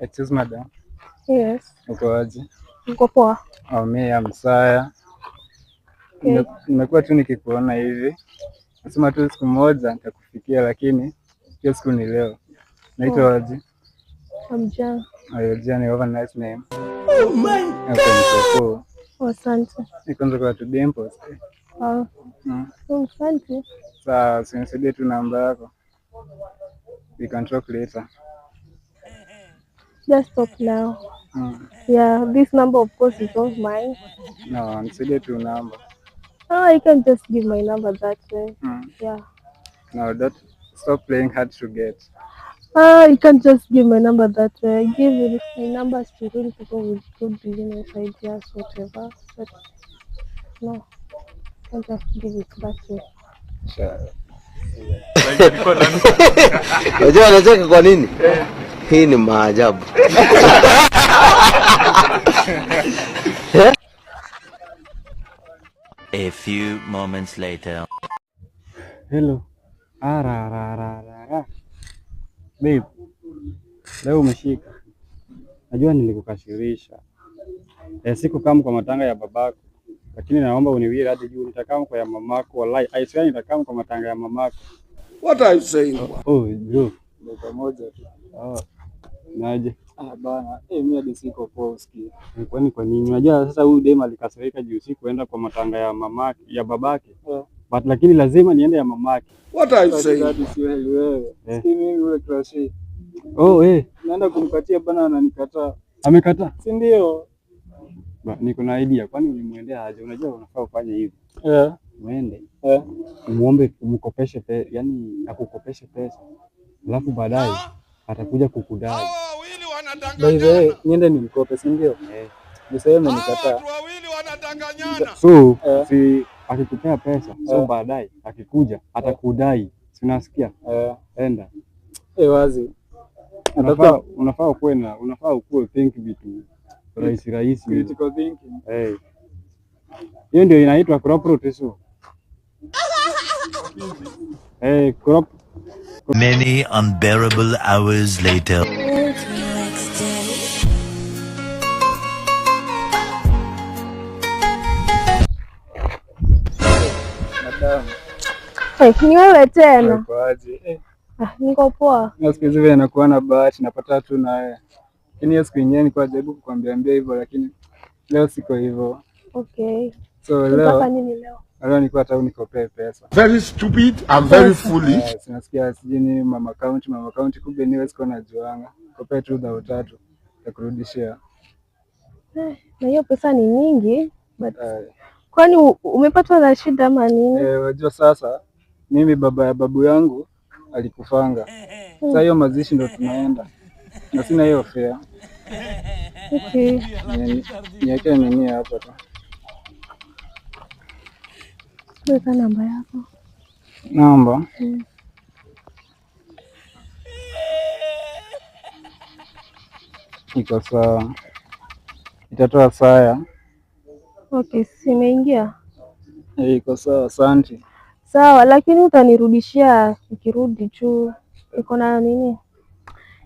Excuse madam. Yes. Ukoaje? Niko poa. Oh, mimi am Saya. Nimekuwa tu nikikuona hivi, nasema tu siku moja nitakufikia, lakini hiyo siku ni leo. Naitwa aje? Amjan. Amjan, you have a nice name. Oh my God. Oh, asante. Kwanza kwa tudempo. Ah. Oh. Hmm. Oh, asante. Sasa usinisaidie tu namba yako. We can talk later. Just stop now. Mm. Yeah, this number of course is not mine. No, nisaidie tu namba. Oh, ah, I can just give my number that way. Mm. Yeah. No, that stop playing hard to get. Ah, you can just give my number that way. I give my numbers to real people with good business ideas, whatever. But no, I can just give it that way. Sure. Unajua anacheka kwa nini? hii ni maajabu. Eh? A few moments later. Hello. Ara ah, ara ara ara. Babe. Leo umeshika. Najua nilikukasirisha. Eh, kama kwa matanga ya babako, lakini naomba uniwie radhi juu nitakamu kwa ya mamako. Wallahi, I swear nitakamu kwa matanga ya mamako. What are you saying? Oh, bro. Oh, Moja tu. Oh. Naje. Ah, bana. Eh, mimi hadi siko poa usikie. Kwani kwa nini? Unajua sasa huyu dem alikasirika juu si kuenda kwa matanga ya mamake, ya babake. Yeah. But lakini lazima niende ya mamake. What are you saying? Hadi eh. si wewe. Sikii mimi yule crush. Oh, eh. Hey. Naenda kumkatia bana ananikataa. Amekataa? Si ndio? Ba, niko na idea. Kwani ulimwendea aje? Unajua unafaa ufanye hivi. Eh. Yeah. Muende. Eh. Yeah. Muombe umkopeshe pesa, yani akukopeshe pesa. Alafu baadaye ah! atakuja kukudai. By the way, niende nimkope, si ndio? Eh. Niseme nikataa. So eh. si akikupea pesa so eh. baadaye akikuja atakudai, si unasikia? Enda wazi, unafaa ukuwe na unafaa ukuwe think vitu rahisi rahisi, critical thinking. Eh, hiyo ndio inaitwa crop rotation. Eh, crop Many unbearable hours later. tena. Eh. Ah, niko poa. Na siku hizi nakuwa na bahati napata tu naye Lakini hiyo siku nyingine nilikuwa najaribu kukwambia mbia hivyo lakini leo siko hivyo. Okay. So leo. nini leo? Leo nilikuwa tau nikopee pesa. Very stupid and very foolish. Yes, nasikia sijini mama county, mama county kumbe niwe siko na juanga. Kopee tu dhao tatu ya kurudishia. Eh, na hiyo pesa ni nyingi but eh. kwani umepatwa na shida ama nini? Eh, wajua sasa mimi baba ya babu yangu alikufanga. Sasa hiyo mazishi ndo tunaenda. Na sina hiyo fare. Okay. Niweke nini hapa tu weka namba yako. Namba mm. Iko sawa, itatoa saya. Okay, simeingia. Eh, iko sawa, asante. Sawa, lakini utanirudishia ukirudi juu iko na nini?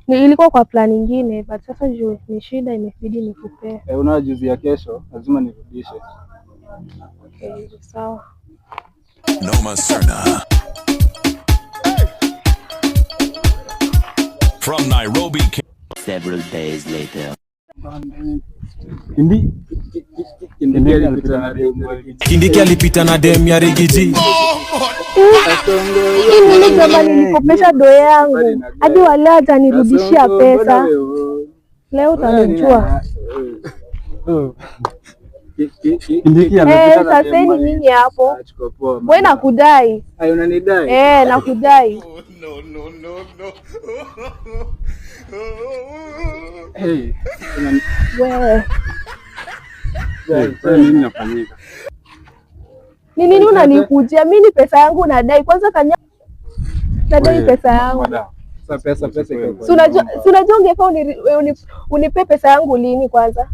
Ni ilikuwa kwa plan nyingine, but sasa juu ni shida imebidi nikupee. Eh, unajuzi ya kesho lazima nirudishe. Okay, sawa. Noma Serna. From Nairobi. Several days later. Hindi Kindiki alipita na dem ya Rigiji. Mimi jamani, do yangu hadi wale atanirudishia pesa leo, utanichua Eh, sasa nini hapo? We nakudai, nakudai ni nini? Ah, Unanikujia mimi? Pesa yangu nadai kwanza, kanya nadai pesa yangu si unajua, ungefaa unipe pesa yangu lini kwanza?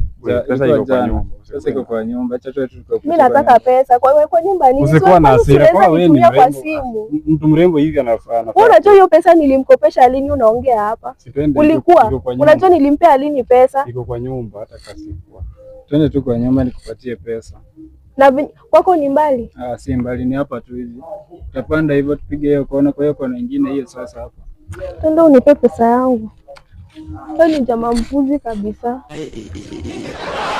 iko kwa nyumba. nataka pesa kwa nyumba nini? Usikuwa Mtu mrembo hivi anafaa. Unajua hiyo pesa nilimkopesha lini? Unaongea hapa. Ulikuwa unajua nilimpea lini pesa? Iko kwa nyumba hata kasi Twende tu kwa nyumba nikupatie pesa. Na kwako ni mbali? Ah, si mbali, ni hapa tu hivi. Tutapanda hivyo tupige hiyo kona, kwa hiyo kona nyingine hiyo sasa hapa. Twende unipe pesa yangu. Wewe ni jamaa mpuzi kabisa eh, eh, eh,